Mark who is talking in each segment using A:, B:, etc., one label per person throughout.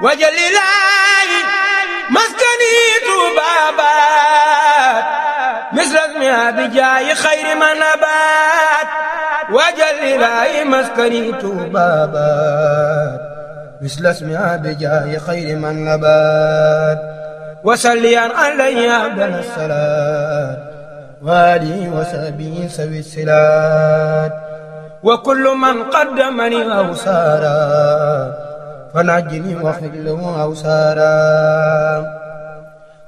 A: wajalilaayi maskani tubaabaat misrasmi abijaayi xayri manabaat wajalilaayi maskani tubaabaat misrasmi abijaayi xayri manabaat wasalliyan alayhi abdal salaat waalihi wa sahbihi sawi silaat wa kullu man qaddamani aw saaraat ونجني وحله أوسارا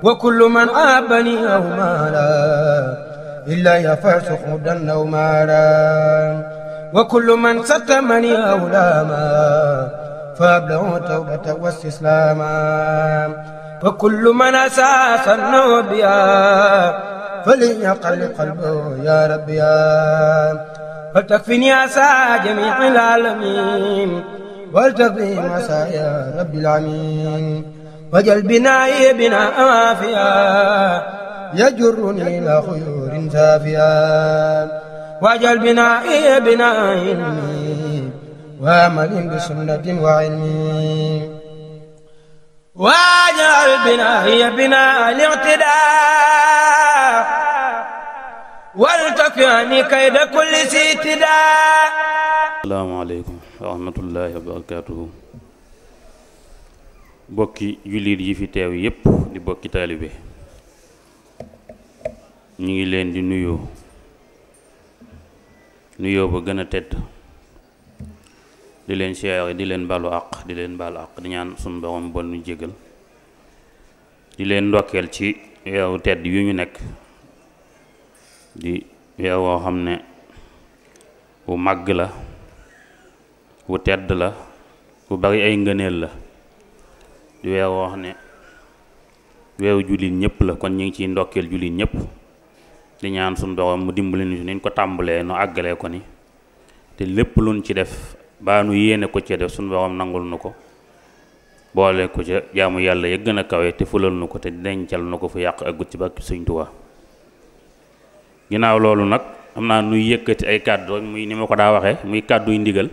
A: وكل من عابني أو مالا إلا يفعل سخودا أو مالا وكل من ستمني أو لاما فأبلغ توبة واستسلاما وكل من أساس النوبيا فليقل قلبه يا ربي فلتكفني أسى جميع العالمين ولتقضي مسايا رب العالمين وجل بناي بناء وافيا يجرني إلى خيور سافيا وجل بناي بناء علمي وامل بسنة وعلمي واجعل بناي بناء الاعتداء والتكفني كيد كل سيتداء
B: السلام عليكم wa rahmatullahi wa barakatuhu bokki jullit yi fi teew yépp di bokki taalibe ñu ngi leen di nuyoo nuyoo ba gën a tëdd di leen siyaare di leen balu àq di leen balu àq di ñaan sunu borom bon nu jégal di leen ndokkeel ci weeru tedd yu ñu nekk di weer woo xam ne bu màgg la wu tedd la bu bari ay ngëneel la di weer woo ne weeru jullit ñëpp la kon ñu ngi ciy ndokkeel jullit ñëpp di ñaan suñu borom mu dimbali ñu niñ ko tàmbalee nu àggalee ko ni te lépp luñ ci def baa nu yéene ko def suñ borom nangul nu ko boole ko ca jaamu yàlla ya gën a kawe te fulal nu ko te dencal nu ko fu yàq aggut ci bàkki Sëñ Tuubaa ginnaaw loolu nag am naa nuy yëkkati ay kàddu muy ni ma ko daa waxee muy kàdduy ndigal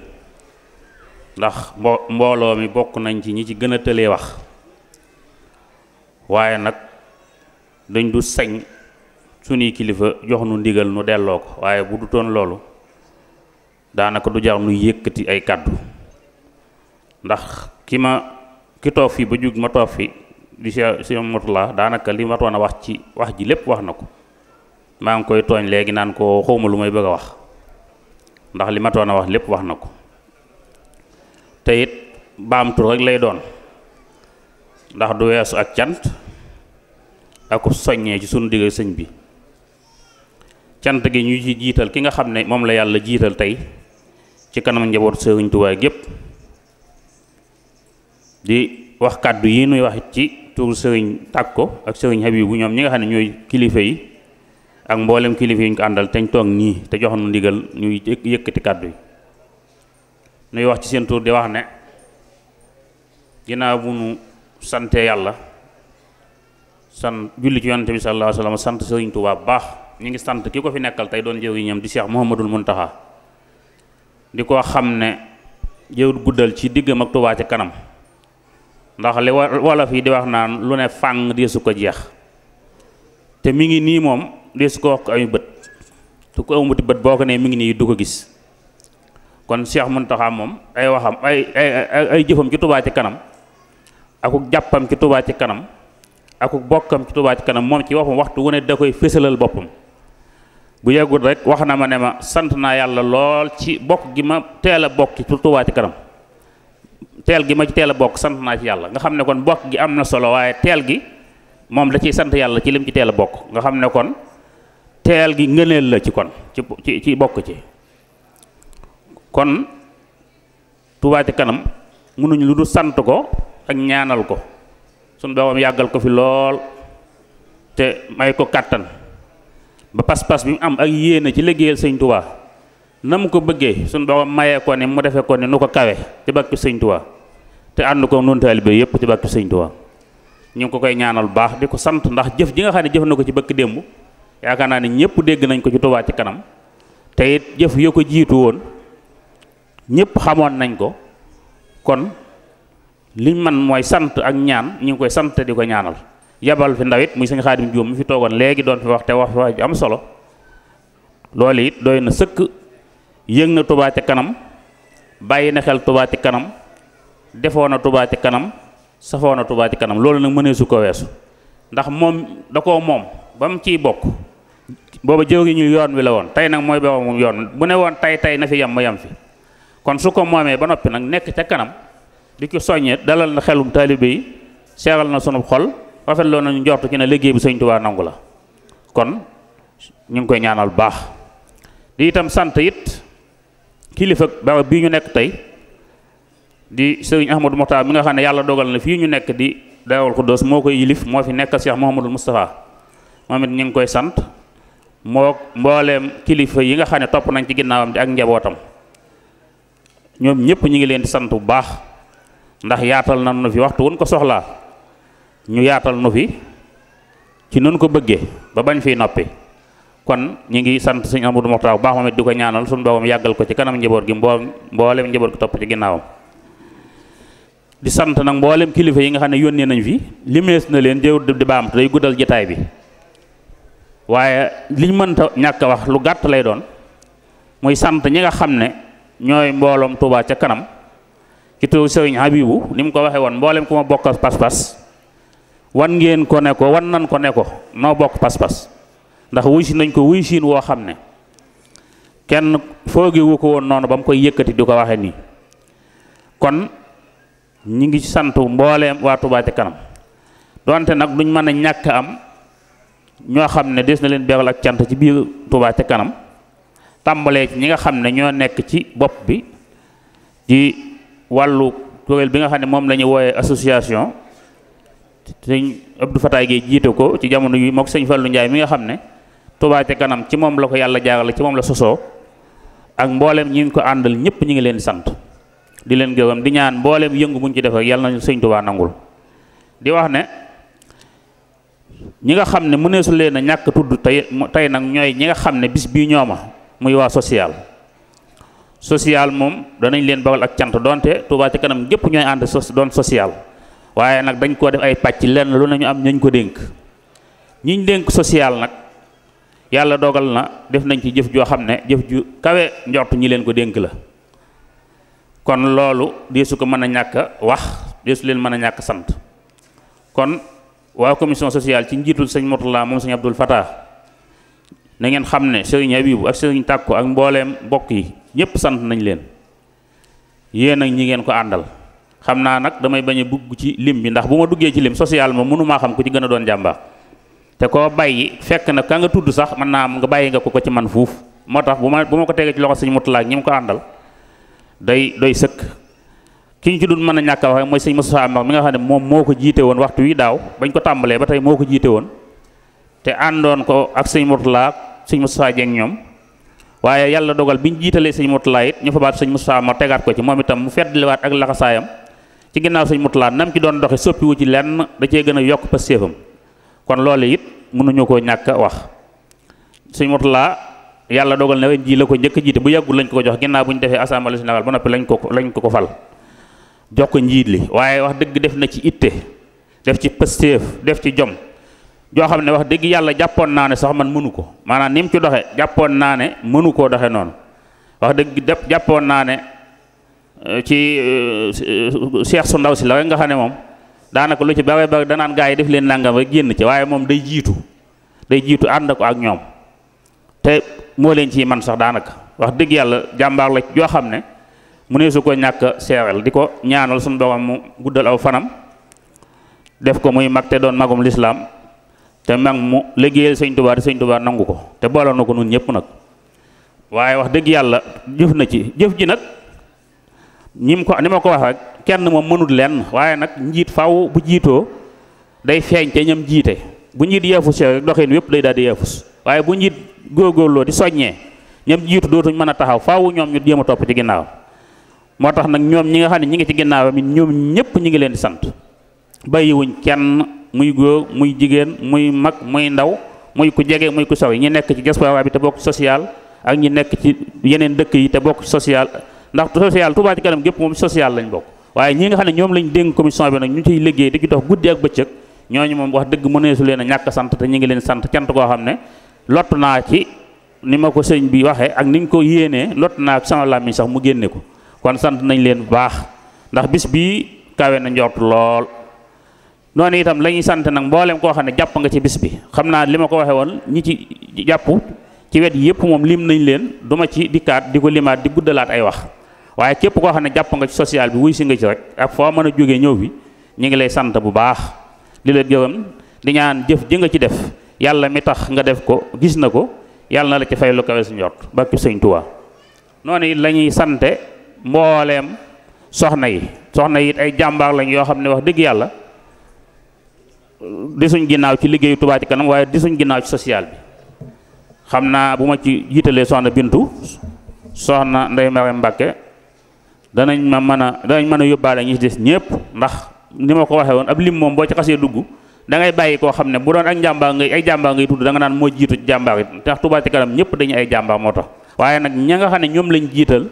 B: ndax mbo mbooloo mi bokk nañ ci ñi ci gën a tëlee wax waaye nag dañ du sañ suñuy kilifa jox nu ndigal nu delloo ko waaye bu dutoon loolu daanaka du jar nu yëkkati ay kàddu ndax ki ma ki toog fi ba jug ma toog fi di si matula daanaka li matoon a wax ci wax ji lépp wax na ko maa ngi koy tooñ léegi naan ko xawma lu may bëgg a wax ndax li matoon a wax lépp wax na ko te it baamtu lay doon ndax du weesu ak cant ako soññee ci sunu digg sëñ bi cant gi ñu ci jiital ki nga xam ne moom la yàlla jiital tey ci kanam njaboot Sëriñ Tuubaa gépp di wax kàddu yi nuy wax ci tuur sëriñ ko ak sëriñ bu ñoom ñi nga xam ne ñooy kilifa yi ak mboolem kilifa yi ñu àndal te ñu toog nii te joxoon ndigal ñuy yëkkati kàddu yi nuy wax ci seen tur di wax ne ginnaaw bu nu sante yàlla san julli ci yonante bi sallallahu alayhi wasallam sant Tuubaa baax ñu ngi sant ki ko fi nekkal tey doon jëw yi ñam di seex Cheikh Mouhamadul Muntaxa di ko xam ne jëwut guddal ci diggam ak Tuubaa ci kanam ndax li wolof yi di wax naan lu ne fàng deesu ko jeex te mi ngi nii moom deesu ko wax ko amu bët su ko amu bët boo ko nee mi ngi nii du ko gis kon Cheikh Mountakha moom ay waxam ay ay ay jëfam ci Touba ci kanam akuk jàppam ci Touba ci kanam akuk bokkam ci Touba ci kanam moom ci waxam waxtu wu ne da koy fësalal boppam bu yàggul rek wax na ma ne ma sant naa yàlla lool ci bokk gi ma teel a bokk ci Touba ci kanam teel gi ma ci teela bokk sant naa ci yàlla nga xam ne kon bokk gi am na solo waaye teel gi moom da ciy sant yàlla ci lim ci teel a bokk nga xam ne kon teel gi ngëneel la ci kon ci ci bokk ci kon Touba ci kanam mënuñu lu du sant ko ak ñaanal ko suñ doomam yàggal ko fi lool te may ko kàttan ba pas-pas bi mu am ak yéene ci liggéeyal sëñ Touba na mu ko bëggee suñ doomam mayee ko ni mu defee ko ni nu ko kawe ci bàkki sëñ Touba te ànd ko nun taalibe yëpp ci bàkki sëñ Touba ñu ngi ko koy ñaanal baax di ko sant ndax jëf ji nga xam ne jëf na ko ci bëkk démb yaakaar naa ne ñëpp dégg nañ ko ci Touba ci kanam te jëf yoo ko jiitu woon ñëpp xamoon nañ ko kon liñ man mooy sant ak ñaan ñu ngi koy sant di ko ñaanal yabal fi ndawit muy sëñ xaadim Jóob mi fi toogoon léegi doon fi wax te wax wax ju am solo loolu it doy na sëkk yëg na Touba ca kanam bàyyi na xel tubaati ca kanam defoo a Touba ca kanam safoo na Touba kanam loolu nag mënee su ko weesu ndax moom da koo moom ba mu ciy bokk booba jëw gi ñu yoon wi la woon tey nag mooy booba moom yoon mu ne woon tey tey na fi yem ma yem fi kon su ko moomee ba noppi nag nekk ca kanam di ko soññee dalal na xelum taalibe yi seeral na sunu xol rafetloo nañu njort ki ne liggéey bi sëñ Tuubaa nangu la kon ñu ngi koy ñaanal baax di itam sant it kilifa barab bii ñu nekk tey di sëriñ Ahmadou Mokhtar mi nga xam ne yàlla dogal na fii ñu nekk di Daarul Xuddoos moo koy yilif moo fi nekk nekkal Cheikh Mouhamadul Moustapha moom it ñu ngi koy sant moo mbooleem kilifa yi nga xam ne topp nañ ci ginnaawam di ak njabootam ñoom ñëpp ñu ngi leen di sant bu baax ndax yaatal na nu fi waxtu wun ko soxlaa ñu yaatal nu fi ci noonu ko bëggee ba bañ fiy noppi kon ñu ngi sant suñu Amadou Mokhtar bu baax moom it di ko ñaanal suñu boobam yàggal ko ci kanam njaboot gi mboo mboolem njaboot gi topp ci ginnaawam di sant nag mboolem kilifa yi nga xam ne yónnee nañ fi limees na leen jëw di baam te day guddal jataay bi waaye liñ mënta ñàkk a wax lu gàtt lay doon muy sant ñi nga xam ne ñooy mbooloom tuubaa ca kanam ci turu Sëriñ Habibu ni mu ko waxee woon mboolem ku ma bokk pas-pas wan ngeen ko ne ko wan nan ko ne ko noo bokk pas ndax wuy si nañ ko wuy siin woo xam ne kenn foogewu ko woon noonu ba koy yëkkati du ko waxee nii kon ñi ngi sant mbooleem waa Touba ca kanam donte nag duñ mën a ñàkk am ñoo xam ne des na leen beral cant ci biir Touba ca kanam tàmbalee ci ñi nga xam ne ñoo nekk ci bopp bi ci wàllu kuréel bi nga xam ne moom la ñu association sëñ Abdou Fataay gi jiite ko ci jamono yi mook sëñ Fallou Ndiaye mi nga xam ne Touba ca ci moom la ko yàlla jaarale ci moom la sosoo ak mboolem ñi ko àndal ñëpp ñu ngi leen sant di leen gërëm di ñaan mboolem yëngu buñ ci def yàlla nañu sëñ Touba nangul di wax ne ñi nga xam ne mëneesu leen a ñàkk tudd tey tey nag ñooy ñi nga xam ne bis bii ñooma muy waa social social moom danañ leen bagal ak cant donte Touba ca kanam gépp ñooy ànd sos doon social waaye nag dañ koo def ay pàcc lenn lu nañu am ñuñ ko dénk ñiñ dénk social nag yàlla dogal na def nañ ci jëf joo xam ne jëf ju kawe njort ñi leen ko dénk la kon loolu deesu ko mën a ñàkk wax deesu leen mën a ñàkk sant kon waa commission sociale ci njiitul sëñ Mourtala moom sëñ Abdul Fatah na ngeen xam ne sëriñ Abibu ak sëriñ Tàkko ak mbooleem mbokk yi ñëpp sant nañ leen yéen ak ñi ngeen ko àndal xam naa nag damay bañ bugg ci lim bi ndax bu ma duggee ci lim social ma mënumaa xam ku ci gën a doon jàmbaar te koo bàyyi fekk na ka nga tudd sax mën naa am nga bàyyi nga ko ko ci man fuuf moo tax bu ma bu ma ko tegee ci loxo sëñ Mutulaak ñi ko àndal day doy sëkk ki ñu ci dul mën a ñàkk a waxee mooy sëñ Moussa Amar mi nga xam ne moom moo ko jiite woon waxtu wi daaw bañ ko tàmbalee ba tey moo ko jiite woon te àndoon ko ak sëñ Mourtala sëñ Moustapha Dieng ñoom waaye yàlla dogal bi ñu jiitalee sëñ Mourtala ñu fa baat sëñ Moustapha Mor tegaat ko ci moom itam mu feddliwaat ak laxasaayam ci ginnaaw sëñ Mourtala nam ci doon doxe soppiwu ci lenn da cee gën a yokk pa séefam kon loole it mënuñu koo ñàkk wax sëñ Mourtala yàlla dogal na wen ji la ko njëkk jiite bu yàggul lañ ko jox ginnaaw bu ñu defee assemblée générale ba noppi lañ ko lañ ko ko fal jox ko njiit li waaye wax dëgg def na ci itte def ci pëstéef def ci jom joo xam ne wax dëgg yàlla jàppoon naa ne sax man mënu ko maanaa ni mu ci doxe jàppoon naa ne mënu koo doxe noonu wax dëgg def jàppoon naa ne euh, ci euh, seex su ndaw si la nga xam ne moom daanaka lu ci bare bare gaa yi def leen nangam rek génn ci waaye moom day jiitu day jiitu ànd ak ñoom te moo leen ci man sax daanaka wax dëgg yàlla jàmbaar la joo xam ne mu ne su ko ñàkk seeral di ko ñaanal suñ borom mu guddal aw fanam def ko muy mag te doon magum lislaam te mag mu liggéeyal sëñ Tuubaa te sëñ Tuubaa nangu ko te boole na ko nun ñëpp nag waaye wax dëgg yàlla jëf na ci jëf ji nag ñi mu ko ni ma ko wax ak kenn moom mënut leen waaye nag njiit faw bu jiitoo day feeñ te ñam jiite bu njiit yeefus rek doxin yëpp day daal di yeefus waaye bu njiit góorgóorloo di soññee ñam jiitu dootuñ mën a taxaw faaw ñoom ñu jéem a topp ci ginnaaw moo tax nag ñoom ñi nga xam ne ñi ngi ci ginnaaw mi ñoom ñëpp ñi ngi leen di sant bàyyiwuñ kenn muy góor muy jigéen muy mag muy ndaw muy ku jege muy ku sori ñi nekk ci diaspora bi te bokk social ak ñi nekk ci yeneen dëkk yi te bokk social ndax social Touba ci kanam gépp moom social lañ bokk waaye ñi nga xam ne ñoom lañ dénk commission bi nag ñu ciy liggéey di ci dox guddi ak bëccëg ñooñu moom wax dëgg mëneesu leen ñàkk sant te ñu ngi leen sant cant koo xam ne lott naa ci ni ma ko sëñ bi waxee ak ni ñu ko yéenee lott naa ak sama sax mu génne ko kon sant nañ leen bu baax ndax bis bii kawe na njort lool noonu itam la ñuy sant nag mbooleem koo xam ne jàpp nga ci bis bi xam naa li ma ko waxee woon ñi ci jàpp ci wet yëpp moom lim nañ leen duma ma ci dikkaat di ko limaat di guddalaat ay wax waaye képp koo xam ne jàpp nga ci social bi wuy si nga ci rek ak foo mën a jógee ñëw bi ñu ngi lay sant bu baax di la gërëm di ñaan jëf ji nga ci def yàlla mi tax nga def ko gis na ko yàlla na la ci fay lu kawe su njort barki sëñ Tuubaa noonu it la ñuy sante mbooleem soxna yi soxna yi ay jàmbaar lañ yoo xam ne wax dëgg yàlla desuñ ginnaaw ci liggéeyu Touba ci kanam waaye desuñ ginnaaw ci social bi xam naa bu ma ci jiitalee soxna Bintu soxna Ndeye Mariam Mbacke danañ ma mën a danañ mën a yóbbaale ñi ci des ñëpp ndax ni ma ko waxee woon ab lim moom boo ci xasee dugg da ngay bàyyi koo xam ne bu doon ak njàmbaar ngay ay jàmbaar ngay tudd danga nga naan moo jiitu jàmbaar yi ndax Touba ci kanam ñëpp dañuy ay jàmbaar moo tax waaye nag ña xam ne ñoom lañ jiital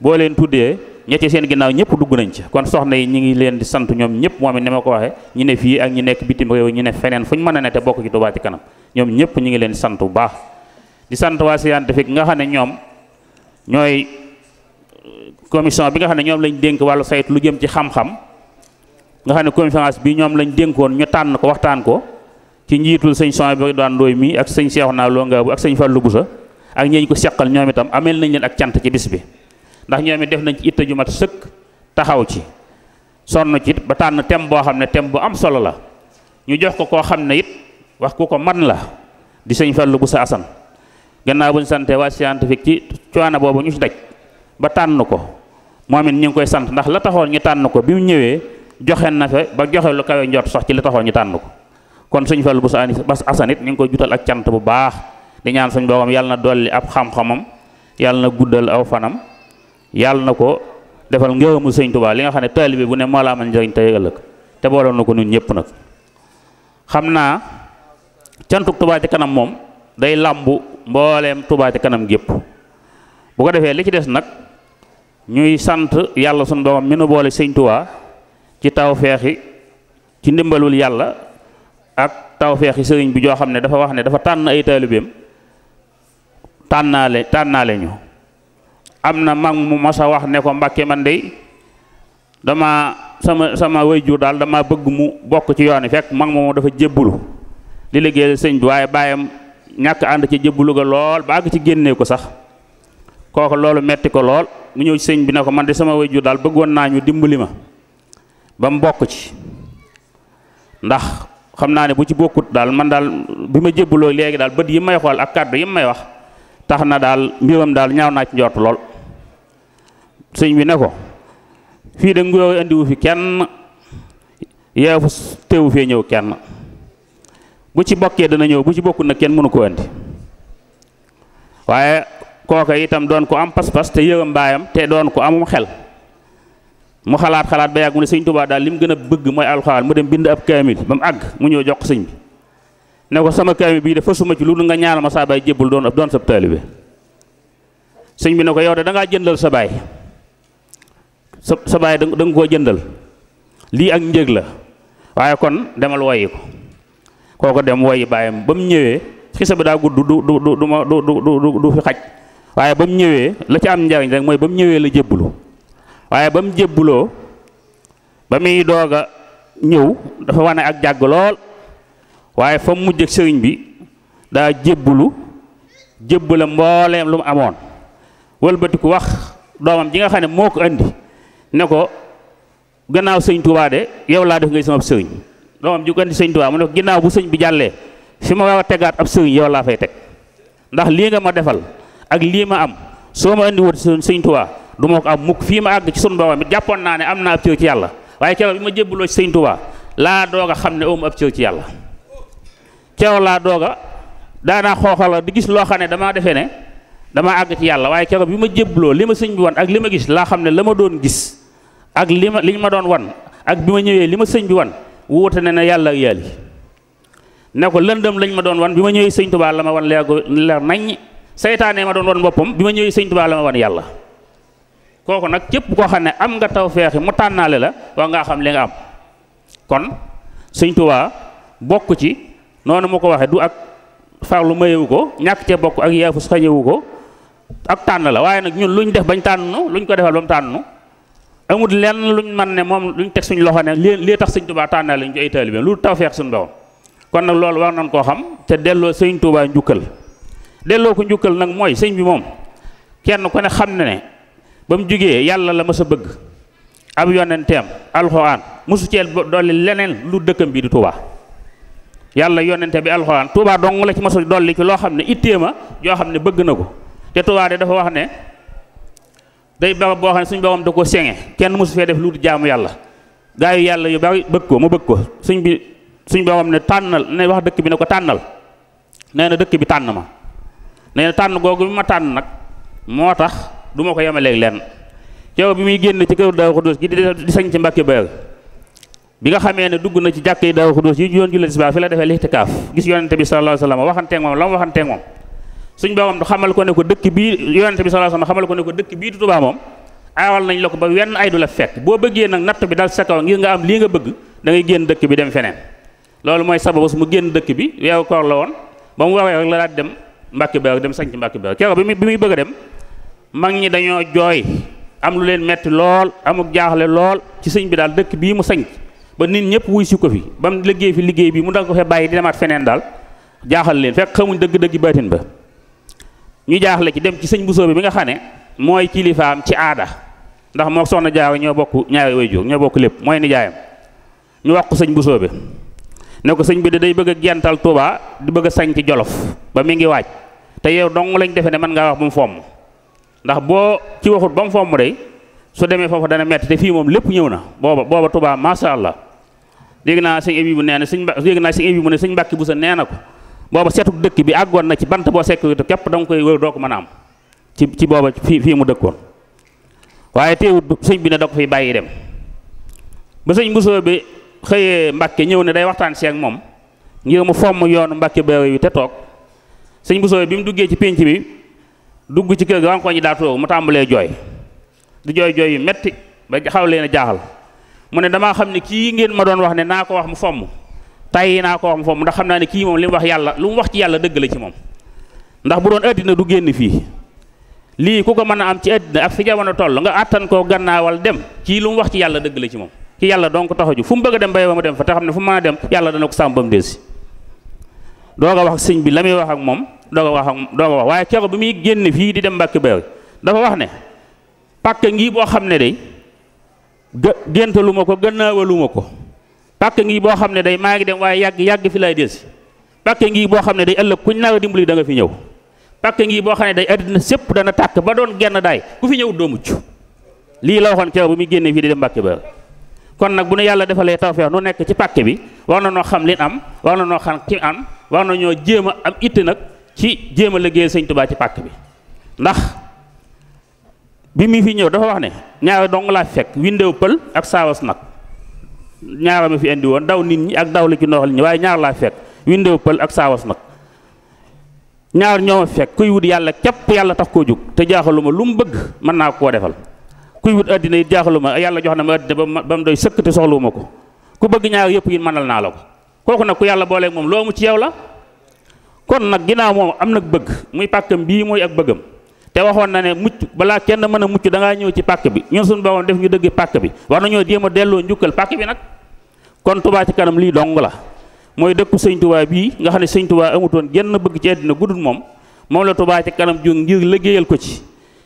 B: boo leen tuddee. ña seen ginnaaw ñëpp dugg nañ ci kon soxna yi ñu ngi leen di sant ñoom ñëpp moom it ni ma ko waxee ñi ne fii ak ñi nekk bitim réew ñi ne feneen fu ñu mën a ne te bokk ci Touba ci ñëpp ñi ngi leen sant bu baax di sant waa scientifique nga xam ne ñoom ñooy euh, commission bi nga xam ne ñoom lañ dénk wàllu saytu lu jëm ci xam-xam nga xam ne conférence bi ñoom lañ dénkoon ñu tànn ko waxtaan ko ci njiitul sëñ son bi daan ndooy mii ak sëñ Seexuna Lo Ngaabu ak sëñ Fallou Boussa ak ñeeñ ko seqal ñoom itam amel nañ leen ak cant ci bi ndax ñoom it def nañ ci it ju mat sëkk taxaw ci sonn ci ba tànn thème boo xam ne thème bu am solo la ñu jox ko koo xam ne it wax ku ko man la di sëñ Fallou bu sa asan gannaaw bu ñu santee waa scientifique ci coono boobu ñu ci daj ba tànn ko moom it ñu ngi koy sant ndax la taxoon ñu tànn ko bi mu ñëwee joxe na fe ba joxe lu kawe njot sax ci la taxoon ñu tànn ko kon sëñ Fallou bu sa asan it ñu ngi koy jutal ak cant bu baax di ñaan suñ boobam yàlla na dolli ab xam-xamam yàlla aw fanam yàlla na ko defal ngërëmu sëñ Tuubaa li nga xam ne taalibe bu ne moo la amal njëriñ tey ëllëg te booloon na ko ñun ñëpp nag xam naa cantuk Tuubaa kanam moom day làmbu mbooleem tubaati kanam gépp bu ko defee li ci des nag ñuy sant yàlla sunu doom mi nu boole sëñ Tuubaa ci tawfeexi ci ndimbalul yàlla ak tawfeexi sëriñ bi joo xam ne dafa wax ne dafa tànn ay taalibeem tànnaale tànnaale ñu am na mag mu mas wax ne ko Mbàkke man de dama sama sama waajur daal dama bëgg mu bokk ci yoon yi fekk mag moomu dafa jébbulu di liggéeyal sëñ bi waaye baayam ñàkk ànd ci jébbulu ga lool ba àgg ci génnee ko sax kooku loolu metti ko lool mu ñëw ci sëñ bi ne ko man de sama waajur daal bëggoon naa ñu dimbali ma ba mu bokk ci ndax xam naa ne bu ci bokkut daal man daal bi ma jébbuloo léegi daal bët yi may xool ak kàddu yi may wax tax na daal mbiram daal ñaaw naa ci njort lool sëñ bi ne ko fii de ngóor indiwu fi kenn yaa fu teewu fee ñëw kenn bu ci bokkee dana ñëw bu ci bokkul nag kenn mënu ko indi waaye kooka itam doon ko am pas-pas te yërëm mbaayam te doon ko amum xel mu xalaat xalaat ba yàgg mu ne sëñ Tuubaa daal li mu gën a bëgg mooy alxuraan mu dem bind ab kaamil ba mu àgg mu ñëw jox sëñ bi ne ko sama kaamil bii de fasuma ci lu nga ñaanal ma saa baay jébbul doon doon sab taalibe sëñ bi ne ko yow de dangaa jëndal sa baay sa sa baay da nga koo jëndal lii ak njëg la waaye kon demal woyi ko kooko dem woyi baayam ba mu ñëwee xisa bi daa gudd du du du fi xaj waaye ba mu ñëwee la ci am njariñ rek mooy ba mu ñëwee la jébbulu waaye ba mu jébbuloo ba muy doog ñëw dafa wane ak jàgg lool waaye fa mu mujj ak sëriñ bi daa jébbulu jébbula mbooleem lu mu amoon wëlbatiku wax doomam ji nga xam ne moo ko andi ne ko gannaaw sëñ Touba de yow laa def ngay sama ab sëriñ doomam ju ko indi sëñ Touba mu ne ko ginnaaw bu sëñ bi jàllee fi ma war tegaat ab sëriñ yow laa fay teg ndax lii nga ma defal ak lii ma am soo ma indi woon sëñ Touba du ma ko am mukk fii ma àgg ci sunu doomam it jàppoon naa ne am naa ab cër ci yàlla waaye keroog bi ma jébbaloo ci laa doog xam ne amu ab cër ci yàlla laa doog a daanaa gis loo xam ne damaa defee ne damaa àgg ci yàlla waaye li ma sëñ bi woon ak li ma gis laa xam ne la ma doon gis ak li ma liñ ma doon wan ak bi ma ñëwee li ma sëñ bi wan wuute ne na yàlla ak yàlli ne ko lëndëm lañ ma doon wan bi ma ñëwee sëñ Tuubaa la ma wan leer leer nañ seytaane ma doon wan boppam bi ma ñëwee sëñ Tuubaa la ma wan yàlla kooku nag képp koo xam ne am nga taw feexi mu tànnaale la waa ngaa xam li nga am kon sëñ Tuubaa bokk ci noonu mu ko waxee du ak farlu mayewu ko ñàkk cee bokk ak yaafus xañewu ko ak tànn la waaye nag ñun luñ def bañ tànn luñ ko defal ba mu tànn amul lenn luñ man ne moom luñ teg suñ loxo ne lii lii tax sëñ Touba tànnaa lañ ci ay taalibe lu tawfeex suñ borom kon nag loolu war nañ koo xam te delloo sëñ Touba njukkal delloo ko njukkal nag mooy sëñ bi moom kenn ku ne xam ne ne ba mu jógee yàlla la mas a bëgg ab yonenteem alxuraan mosu ceel dolli leneen lu dëkkam bi di Touba yàlla yonente bi alxuraan Touba dong la ci mas dolli ci loo xam ne itteema yoo xam ne bëgg na ko te Touba de dafa wax day barab boo xam ne suñ borom da ko senge kenn mosu fee def lu jaamu yàlla gaa yu yàlla yu bari bëgg ko mu bëgg ko suñ bi suñ borom ne tànnal ne wax dëkk bi ne ko tànnal nee na dëkk bi tànn ma nee na tànn googu bi ma tànn nag moo tax du ko yemaleeg lenn yow bi muy génn ci kër Daaru gi di sañ ci Mbàkke Bari bi nga xamee ne dugg na ci jàkk yi Daaru Xudoos yi doon jullit si baa fi la defee lixtikaaf gis yonente bi sallallahu alayhi wa suñ boobam xamal ko ne ko dëkk bii yonent bi sallallahu alayhi wasallam xamal ko ne ko dëkk bii di Tuubaa moom aawal nañ la ko ba wenn ay du la fekk boo bëggee nag natt bi dal sa kaw ngir nga am lii nga bëgg da génn dëkk bi dem feneen loolu mooy sababus mu génn dëkk bi weeru koor la woon ba mu waree rek la daal dem Mbàkke Bawol dem sañ ci Mbàkke Bawol keroog bi muy bëgg a dem mag ñi dañoo jooy am lu leen metti lool amuk jaaxle lool ci sëñ bi daal dëkk bii mu sañ ba nit ñëpp wuy si ko fi ba liggéey fi liggéey bi mu danga ko fee bàyyi di demaat feneen daal jaaxal leen fekk xamuñ dëgg-dëgg baatin ba ñu jaaxle ci dem ci sëñ Bousso bi nga xam ne mooy kilifaam ci aada ndax moo soxna jaaw ñoo bokk ñaari waajur ñoo bokk lépp mooy nijaayam ñu wax ko sëñ Bousso bi ne ko sëñ bi de day bëgg a gental Touba di bëgg a Jolof ba mi ngi waaj te yow dong lañ defe ne mën ngaa wax ba ndax boo ci waxut ba mu fomm day su demee foofu dana metti te fii moom lépp ñëw na booba booba tubaa macha allah dégg naa sëñ Ebi bu nee na sëñ ba dégg naa sëñ Ebi ne sëñ Mbàkke bu sa nee na ko booba seetuk dëkk bi àggoon na ci bant boo sekk te képp da nga koy wër doo ko mën a am ci ci booba fii fii mu dëkkoon waaye teewut sëñ bi ne da ko fi bàyyi dem ba sëñ Bousso bi xëyee Mbàkke ñëw ne day waxtaan si ak moom ngir mu fomm yoonu Mbàkke beewe yu te toog sëñ Bousso bi mu duggee ci pénc bi dugg ci kër ga wanko ñi daa toow mu tàmbalee jooy di jooy jooy yu metti ba xaw leen a jaaxal mu ne damaa xam ne kii ngeen ma doon wax ne naa ko wax mu fomm tàyyi naa ko am foofu ndax xam naa ne kii moom li mu wax yàlla lu mu wax ci yàlla dëgg la ci moom ndax bu doon àddina du génn fii lii ku ko mën a am ci àddina ak fi jamono toll nga àttan koo gannaawal dem kii lu mu wax ci yàlla dëgg la ci moom ki yàlla donc taxaju fu mu bëgg a dem bay ba mu dem fa te xam ne fu mu mën a dem yàlla dana ko sàmm ba mu delsi doog wax sëñ bi la muy wax ak moom doog a wax ak doog a wax waaye keroog bi muy génn fii di dem mbàkki bayoy wax ne pàkk ngi boo xam ne day géntalu ma ko gannaawalu ko pàkk ngi boo xam ne day maa ngi dem waaye yàgg yàgg fi laay delsi pàkk ngi boo xam ne day ëllëg kuñ naaw dimbali danga fi ñëw pàkk ngi boo xam ne day àddina sépp dana tàkk ba doon genn daay ku fi ñëw doo mucc lii la waxoon keroog bi muy génnee fii di dem Mbàkke ba kon nag bu nu yàlla defalee tawfeex nu nekk ci pàkk bi war na noo xam lin am war na noo xam ki am war na ñoo jéem a am itte nag ci jéem a liggéeyal sëñ Tuubaa ci pàkk bi ndax bi mu fi ñëw dafa wax ne ñaari dong laa fekk windew ak saawas nag ñaar ma fi indi daw nit ñi ak daw la ci nooxal ñi waaye ñaar laa fekk windew pël ak saawas nag ñaar ñoo ma fekk kuy wut yàlla képp yàlla tax koo jóg te jaaxaluma lu mu bëgg mën naa koo defal kuy wut àddina yi jaaxaluma yàlla jox na ma àddina ba ba mu doy sëkk te soxluwuma ko ku bëgg ñaar yëpp yi mënal naa la ko kooku nag ku yàlla booleeg moom loo mu ci yow la kon nag ginnaaw moom am nag bëgg muy pàkkam bii mooy ak bëggam te waxoon na ne mucc balaa kenn mën a mucc da ñëw ci pàkk bi ñun suñu borom def ñu dëgg pàkk bi war nañoo jéem a delloo njukkal pàkk bi nag kon tubaa ci kanam lii dong la mooy dëkku sëñ Touba bii nga xam ne sëñ Touba amutoon genn bëgg ci àddina guddul moom moom la Touba ci kanam jóg ngir liggéeyal ko ci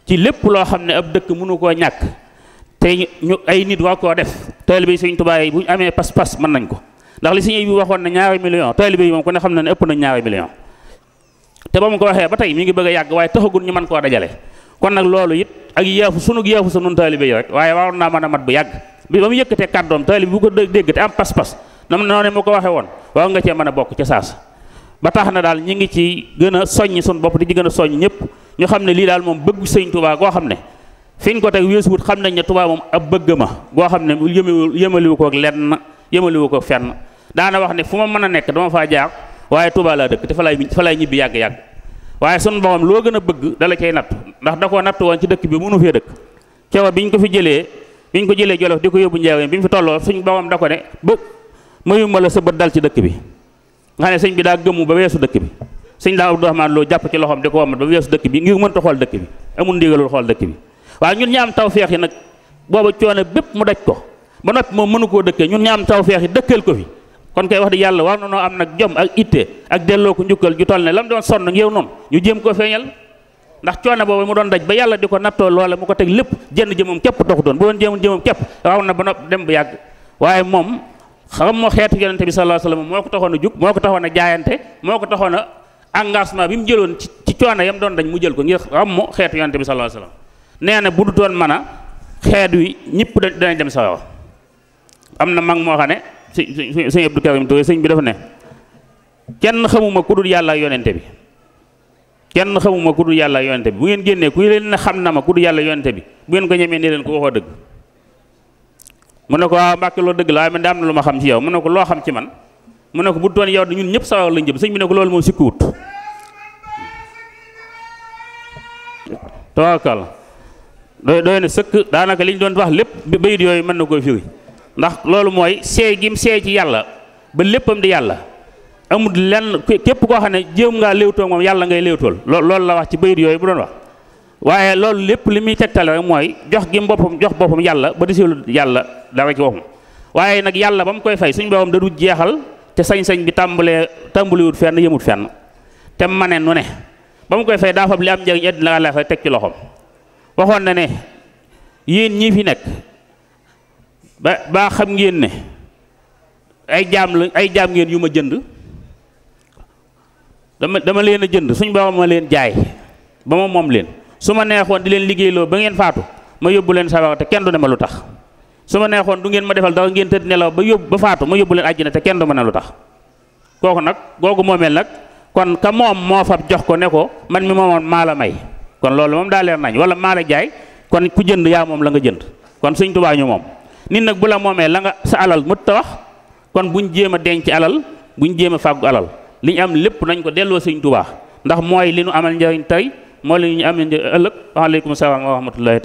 B: ci lépp loo xam ne ab dëkk mënu koo ñàkk te ñu ay nit war koo def taalibe yi sëñ Touba yi bu ñu amee pas-pas mën nañ ko ndax li sëñ bi waxoon na ñaari na ne ëpp te ba mu ko waxee ba tey mi ngi bëgg a yàgg waaye taxagul ñu mën koo dajale kon nag loolu it ak yaafu sunu yaafu sa nun taalibe yi rek waaye waroon naa mën a mat bu yàgg bi ba mu yëkkatee kàddoom taalibe bu ko dégg te am pas-pas nam noonu ma ko waxee woon waaw nga cee mën a bokk ca saas ba tax na daal ñu ngi ci gën soññ sun bopp di ci gën a soññ ñëpp ñu xam ne lii daal moom bëgg sëñ Tuubaa goo xam ne fi ko teg weesu wut xam nañ ne Tuubaa moom a bëgg ma goo xam ne yëmaliwu yëmaliwu ko ak lenn yëmaliwu ko fenn daana wax ne fu ma mën a nekk dama faa jaar waaye Touba laa dëkk te fa lay fa lay ñibbi yàgg-yàgg waaye sun borom loo gën a bëgg dala cay natt ndax da koo natt woon ci dëkk bi mënu fee dëkk coow bi ñu ko fi jëlee bi ñu ko jëlee jolof di ko yóbbu njaaweem bi ñu fi tolloo suñ borom da ko ne ba mayuma la sa bët dal ci dëkk bi nga sëñ bi daa gëmu ba weesu dëkk bi sëñ daa Abdourahmane loo jàpp ci loxoom di ko wamat ba weesu dëkk bi ngir mënta xool dëkk bi amul ndigalul xool dëkk bi waaye ñun ñi am tawfeex yi nag booba coono bépp mu daj ko ba noppi moom mënu koo dëkkee ñun ñi am tawfeex yi dëkkal ko fi kon koy wax di yàlla war na noo am nag jom ak itte ak delloo ko njukkal ju toll ne lam doon sonn ngeew noonu ñu jéem koo feeñal ndax coono boobu mu doon daj ba yàlla di ko nattoo loola mu ko teg lépp jënn jëmam képp doxu doon bu doon jëmam jëmam képp waaw na ba nopp dem bu yàgg waaye moom xam moo xeetu yonente bi sallallahu alayhi wasallam moo ko taxoon a jug moo ko taxoon a jaayante moo ko taxoon bi mu jëloon ci ci coono yam doon dañ mu jël ko ngir xam mu xeetu yonente bi sallallahu alayhi wasallam nee na bu du doon a xeet wi ñëpp danañ dem sawaw am na mag moo xam ne sëñ sëñ Abdou Karim bi dafa ne kenn xamuma ku dul yàlla ak yonente bi kenn xamuma ku dul yàlla ak yonente bi bu ngeen génnee ku leen ne xam na ma ku dul yàlla yonente bi bu ngeen ko ñemee ne leen ko waxoo dëgg mu ne ko waaw ah, Mbàkke loo dëgg la waaye man daa am na lu ma xam ci yow mu ne ko loo xam ci man mu ne ko bu doon yow ñun ñëpp sawar lañ jëm sëñ bi ne ko loolu moom sikkuwut tawakkal doy doy na sëkk daanaka liñ doon wax lépp bayit yooyu mën na koo firi ndax loolu mooy seey gim seey ci yàlla ba léppam di yàlla amul lenn képp koo xam ne jéem ngaa léewtoo moom yàlla ngay léewtool loolu la wax ci bayit yooyu bu doon wax waaye loolu lépp li muy tegtale rek mooy jox gim boppam jox boppam yàlla ba desilu yàlla dara ci boppam waaye nag yàlla ba mu koy fay suñu boppam da du jeexal te sañ-sañ bi tàmbalee tàmbaliwut fenn yëmut fenn te mane nu ne ba mu koy fay daa fab li am njëriñ àddina la fa teg ci loxoom na ne yéen ba baa xam ngeen ne ay jaam la ay jaam ngeen yu ma jënd dama dama leen a jënd suñ borom ma leen jaay ba ma moom leen su ma neexoon di leen liggéeyloo ba ngeen faatu ma yóbbu leen sawara te kenn du ne ma lu tax su ma neexoon du ngeen ma defal dara ngeen tëdd nelaw ba yóbbu ba faatu ma yóbbu leen àjjana te kenn du ma ne lu tax kooku nag googu moomeel nag kon ka moom moo fab jox ko ne ko man mi moomoon maa la may kon loolu moom daa leer nañ wala maa jaay kon ku jënd yaa moom la nga jënd kon Sëñ Tuubaa moom nit nag bu la moomee la nga sa alal mët ta wax kon buñ jéem a denc alal buñ jéem a fàggu alal li ñu am lépp nañ ko delloo sëñ Tuubaa ndax mooy li ñu amal njëriñ tey mooy li ñu amal njëriñ ëllëg waaleykum salaam wa rahmatullahi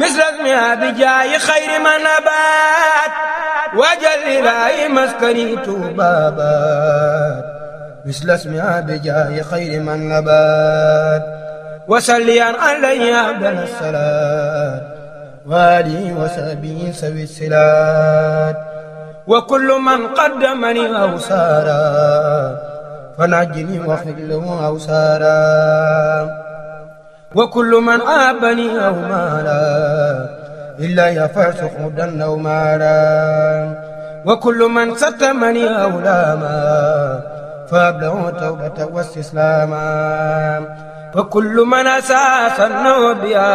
A: misras mi abijaayi xayri manabaat wajalilaayi maskani Tuubaa baat مثل اسمها بجاه خير من نبات وسليا علي عبد الصلاة والي وسبي سوي السلات وكل من قدمني أوسارا فنجني واخلق له أوسارا وكل من آبني أو مالا إلا يفرس خدا أو مالا وكل من ستمني أو لاما فابلغوا توبة واستسلاما فكل من أساس النوبيا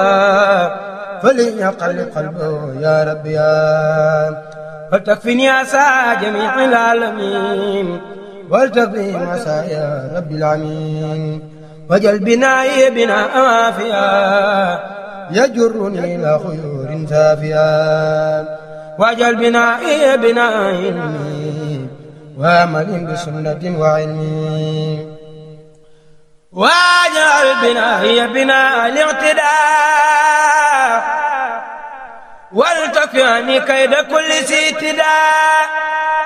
A: فليقل قلبه يا ربي يا فلتكفني أسى جميع العالمين والتقضي مساء يا رب العالمين وجل بنائي بنا أوافيا يجرني إلى خيور سافيا وجل بنائي بنا علمي وعمل بسنة وعلم واجعل بناء بناء الاعتداء والتقي عن كيد كل سيتداء